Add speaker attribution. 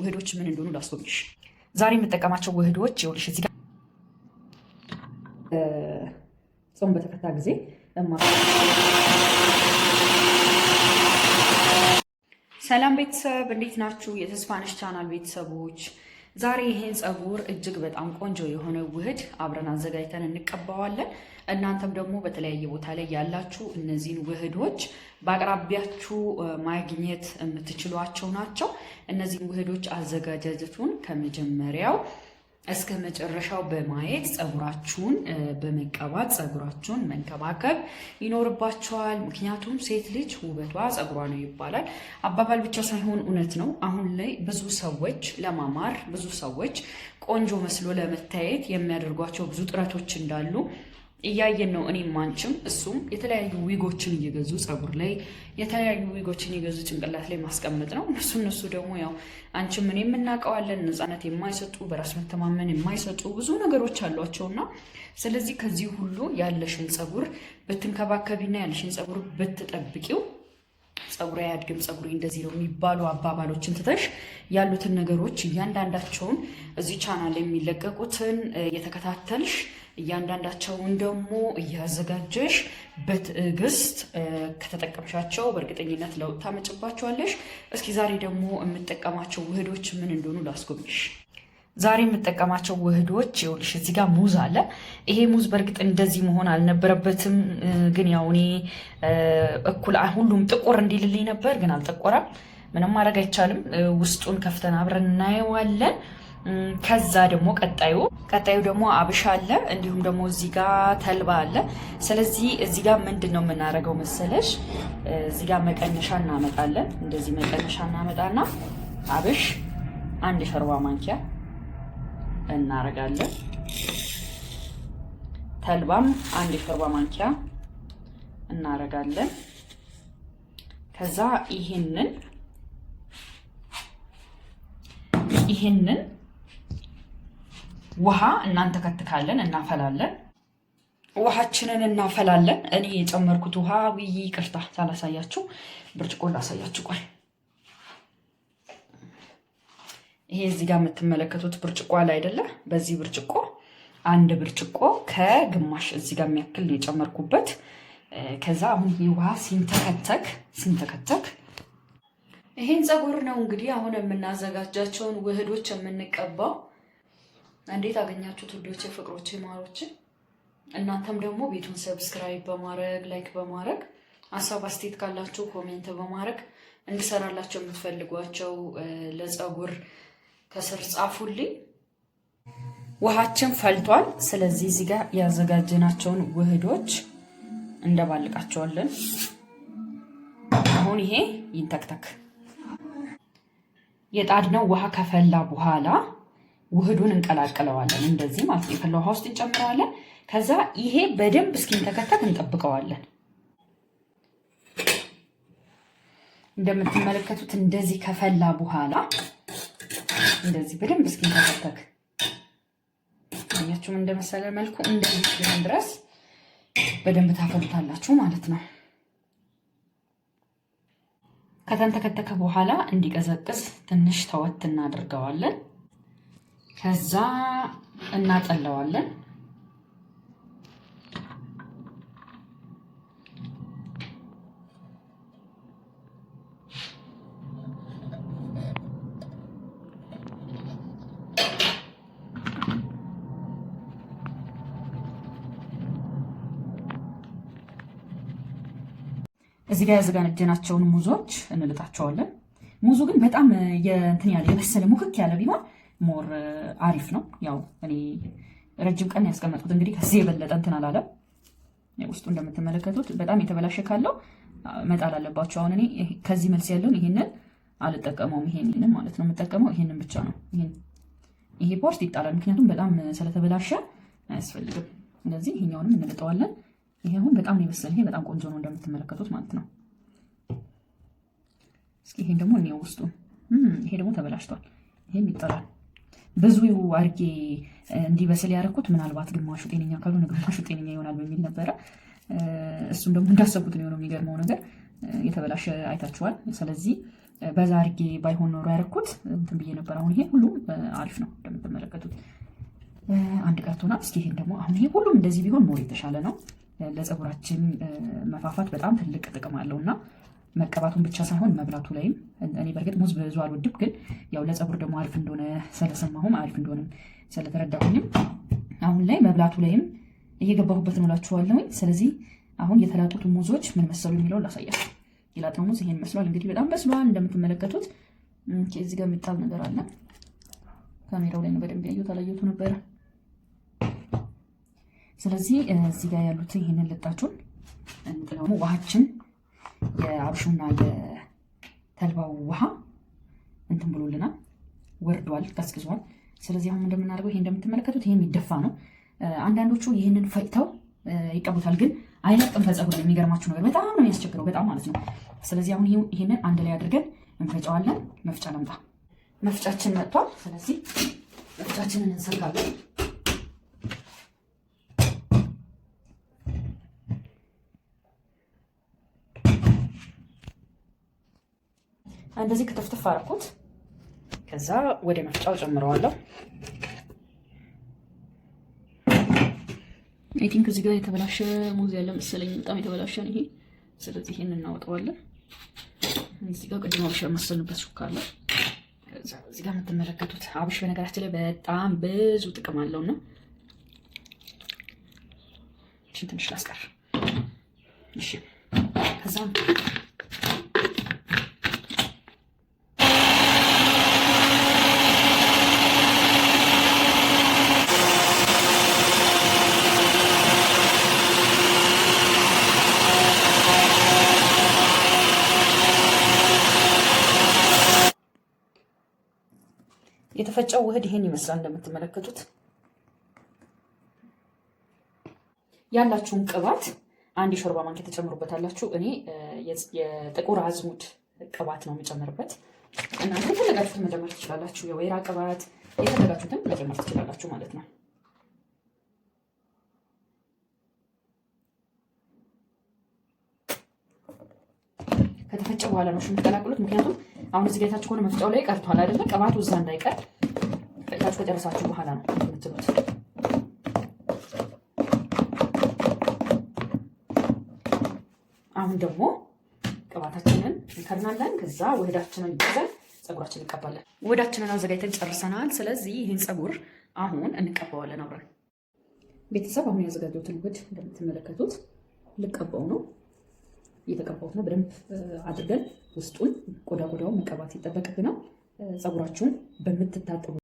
Speaker 1: ውህዶች ምን እንደሆኑ ላስጎብኝሽ። ዛሬ የምጠቀማቸው ውህዶች ይኸውልሽ፣ እዚህ ጋር ጾም በተፈታ ጊዜ ሰላም ቤተሰብ፣ እንዴት ናችሁ? የተስፋነሽ ቻናል ቤተሰቦች ዛሬ ይሄን ፀጉር እጅግ በጣም ቆንጆ የሆነ ውህድ አብረን አዘጋጅተን እንቀባዋለን። እናንተም ደግሞ በተለያየ ቦታ ላይ ያላችሁ እነዚህን ውህዶች በአቅራቢያችሁ ማግኘት የምትችሏቸው ናቸው። እነዚህን ውህዶች አዘጋጃጀቱን ከመጀመሪያው እስከ መጨረሻው በማየት ፀጉራችሁን በመቀባት ፀጉራችሁን መንከባከብ ይኖርባችኋል። ምክንያቱም ሴት ልጅ ውበቷ ፀጉሯ ነው ይባላል። አባባል ብቻ ሳይሆን እውነት ነው። አሁን ላይ ብዙ ሰዎች ለማማር ብዙ ሰዎች ቆንጆ መስሎ ለመታየት የሚያደርጓቸው ብዙ ጥረቶች እንዳሉ እያየን ነው። እኔም አንቺም እሱም የተለያዩ ዊጎችን እየገዙ ጸጉር ላይ የተለያዩ ዊጎችን እየገዙ ጭንቅላት ላይ ማስቀመጥ ነው። እነሱ እነሱ ደግሞ ያው አንቺም እኔም እናውቀዋለን ነፃነት የማይሰጡ በራስ መተማመን የማይሰጡ ብዙ ነገሮች አሏቸውና ስለዚህ ከዚህ ሁሉ ያለሽን ጸጉር ብትንከባከቢና ያለሽን ጸጉር ብትጠብቂው ጸጉሬ አያድግም፣ ጸጉሬ እንደዚህ ነው የሚባሉ አባባሎችን ትተሽ ያሉትን ነገሮች እያንዳንዳቸውን እዚህ ቻናል የሚለቀቁትን እየተከታተልሽ እያንዳንዳቸውን ደግሞ እያዘጋጀሽ በትዕግስት ከተጠቀምሻቸው በእርግጠኝነት ለውጥ ታመጭባቸዋለሽ። እስኪ ዛሬ ደግሞ የምጠቀማቸው ውህዶች ምን እንደሆኑ ላስጎብኝሽ። ዛሬ የምጠቀማቸው ውህዶች ይኸውልሽ፣ እዚህ ጋር ሙዝ አለ። ይሄ ሙዝ በእርግጥ እንደዚህ መሆን አልነበረበትም፣ ግን ያው እኔ እኩል ሁሉም ጥቁር እንዲልልኝ ነበር፣ ግን አልጠቆረም። ምንም ማድረግ አይቻልም። ውስጡን ከፍተን አብረን እናየዋለን። ከዛ ደግሞ ቀጣዩ ቀጣዩ ደግሞ አብሻ አለ። እንዲሁም ደግሞ እዚህ ጋ ተልባ አለ። ስለዚህ እዚህ ጋ ምንድን ነው የምናደርገው መሰለሽ? እዚህ ጋ መቀነሻ እናመጣለን። እንደዚህ መቀነሻ እናመጣና አብሽ አንድ ሾርባ ማንኪያ እናረጋለን። ተልባም አንድ ሾርባ ማንኪያ እናረጋለን። ከዛ ይህንን ይህንን ውሃ እናንተከትካለን፣ እናፈላለን። ውሃችንን እናፈላለን። እኔ የጨመርኩት ውሃ ውይ፣ ይቅርታ ሳላሳያችሁ፣ ብርጭቆ ላሳያችሁ። ቆይ ይሄ እዚህ ጋር የምትመለከቱት ብርጭቆ ላይ አይደለ? በዚህ ብርጭቆ አንድ ብርጭቆ ከግማሽ እዚህ ጋር የሚያክል ነው የጨመርኩበት። ከዛ አሁን ውሃ ሲንተከተክ ሲንተከተክ ይሄን ፀጉር ነው እንግዲህ አሁን የምናዘጋጃቸውን ውህዶች የምንቀባው እንዴት አገኛችሁት ውዶች፣ ፍቅሮች፣ ማሮች? እናንተም ደግሞ ቤቱን ሰብስክራይብ በማድረግ ላይክ በማድረግ ሀሳብ አስቴት ካላችሁ ኮሜንት በማድረግ እንድሰራላቸው የምትፈልጓቸው ለፀጉር ከስር ጻፉልኝ። ውሃችን ፈልቷል። ስለዚህ እዚህ ጋር ያዘጋጀናቸውን ውህዶች እንደባልቃቸዋለን። አሁን ይሄ ይንተክተክ የጣድነው ውሃ ከፈላ በኋላ ውህዱን እንቀላቅለዋለን። እንደዚህ ማለት ነው። የፈላ ውሃ ውስጥ እንጨምረዋለን። ከዛ ይሄ በደንብ እስኪንተከተት እንጠብቀዋለን። እንደምትመለከቱት እንደዚህ ከፈላ በኋላ እንደዚህ በደንብ እስኪንተከተክ ያችሁም እንደመሰለ መልኩ እንደዚህ ድረስ በደንብ ታፈሉታላችሁ ማለት ነው። ከተንተከተከ በኋላ እንዲቀዘቅዝ ትንሽ ተወት እናደርገዋለን። ከዛ እናጠለዋለን። እዚህ ጋር ያዘጋጀናቸውን ሙዞች እንልጣቸዋለን። ሙዙ ግን በጣም የበሰለ ሙክክ ያለ ቢሆን ሞር አሪፍ ነው። ያው እኔ ረጅም ቀን ያስቀመጥኩት እንግዲህ ከዚህ የበለጠ እንትን አላለም። ውስጡ እንደምትመለከቱት በጣም የተበላሸ ካለው መጣል አለባቸው። አሁን እኔ ከዚህ መልስ ያለውን ይህንን አልጠቀመውም። ይሄንን ማለት ነው የምጠቀመው፣ ይሄንን ብቻ ነው። ይሄ ፖርት ይጣላል፣ ምክንያቱም በጣም ስለተበላሸ አያስፈልግም። እንደዚህ ይሄኛውንም እንልጠዋለን። ይሄ አሁን በጣም ነው የመሰለኝ። ይሄ በጣም ቆንጆ ነው እንደምትመለከቱት ማለት ነው። እስኪ ይሄን ደግሞ እኔ ውስጡ ይሄ ደግሞ ተበላሽቷል። ይሄም ይጣላል። ብዙ አድርጌ እንዲበስል ያደረኩት ምናልባት ግማሹ ጤነኛ ካልሆነ ግማሹ ጤነኛ ይሆናል በሚል ነበረ። እሱም ደግሞ እንዳሰብኩት ነው የሆነው። የሚገርመው ነገር የተበላሸ አይታችኋል። ስለዚህ በዛ አድርጌ ባይሆን ኖሮ ያደረኩት እንትን ብዬ ነበር። አሁን ይሄ ሁሉም አሪፍ ነው እንደምትመለከቱት አንድ ቀርቶና እስኪ ይሄን ደግሞ አሁን ይሄ ሁሉም እንደዚህ ቢሆን ሞር የተሻለ ነው። ለፀጉራችን መፋፋት በጣም ትልቅ ጥቅም አለው እና መቀባቱን ብቻ ሳይሆን መብላቱ ላይም እኔ በእርግጥ ሙዝ ብዙ አልወድም፣ ግን ያው ለፀጉር ደግሞ አሪፍ እንደሆነ ስለሰማሁም አሪፍ እንደሆነ ስለተረዳሁኝም አሁን ላይ መብላቱ ላይም እየገባሁበት ነው እላችኋለሁኝ። ስለዚህ አሁን የተላጡት ሙዞች ምን መሰሉ የሚለው ላሳያችሁ። የላጠው ሙዝ ይሄን መስሏል። እንግዲህ በጣም በስሏል እንደምትመለከቱት። እዚህ ጋር የሚጣል ነገር አለ። ካሜራው ላይ ነው በደንብ ያየሁት፣ አላየሁት ነበረ። ስለዚህ እዚህ ጋር ያሉት ይህንን ልጣችሁን እንጥለው ውሃችን የአብሹና የተልባው ውሃ እንትን ብሎልናል፣ ወርዷል፣ ቀዝቅዟል። ስለዚህ አሁን እንደምናደርገው ይሄ እንደምትመለከቱት ይሄ የሚደፋ ነው። አንዳንዶቹ ይህንን ፈጭተው ይቀቡታል፣ ግን አይለቅም ከፀጉር ነው። የሚገርማችሁ ነገር በጣም ነው የሚያስቸግረው፣ በጣም ማለት ነው። ስለዚህ አሁን ይህንን አንድ ላይ አድርገን እንፈጨዋለን። መፍጫ ለምጣ መፍጫችን መጥቷል። ስለዚህ መፍጫችንን እንሰካለን። እንደዚህ ክትፍትፍ አረኩት። ከዛ ወደ መፍጫው ጨምረዋለሁ። አይ ቲንክ እዚህ ጋር የተበላሸ ሙዝ ያለ መሰለኝ፣ በጣም የተበላሸ ነው ይሄ። ስለዚህ ይሄን እናወጣዋለን። እዚህ ጋር ቅድም አብሽ መሰልንበት ሹካ አለ። እዚህ ጋር የምትመለከቱት አብሽ በነገራችን ላይ በጣም ብዙ ጥቅም አለው እና ትንሽ ላስቀር። እሺ ከዛም የተፈጨው ውህድ ይሄን ይመስላል እንደምትመለከቱት። ያላችሁን ቅባት አንድ የሾርባ ማንኪያ ተጨምሩበታላችሁ። እኔ የጥቁር አዝሙድ ቅባት ነው የምጨምርበት። እናንተ የፈለጋችሁትን መጨመር ትችላላችሁ። የወይራ ቅባት የፈለጋችሁትን መጨመር ትችላላችሁ ማለት ነው። ከተፈጨ በኋላ ነው ሽንት ምክንያቱም አሁን እዚህ ጋር የታች ከሆነ መፍጫው ላይ ቀርቷል አይደለ? ቅባቱ እዛ እንዳይቀር ሰርታችሁ ከጨረሳችሁ በኋላ ነው የምትሉት። አሁን ደግሞ ቅባታችንን እንከድናለን። ከዛ ውህዳችንን ይዘን ፀጉራችን እንቀባለን። ውህዳችንን አዘጋጅተን ጨርሰናል። ስለዚህ ይህን ፀጉር አሁን እንቀባዋለን አብረን። ቤተሰብ አሁን ያዘጋጀሁትን ውህድ እንደምትመለከቱት ልቀባው ነው እየተቀባሁት ነው። በደንብ አድርገን ውስጡን ቆዳ ቆዳውን መቀባት ይጠበቅብናል። ፀጉራችሁን በምትታጠቡ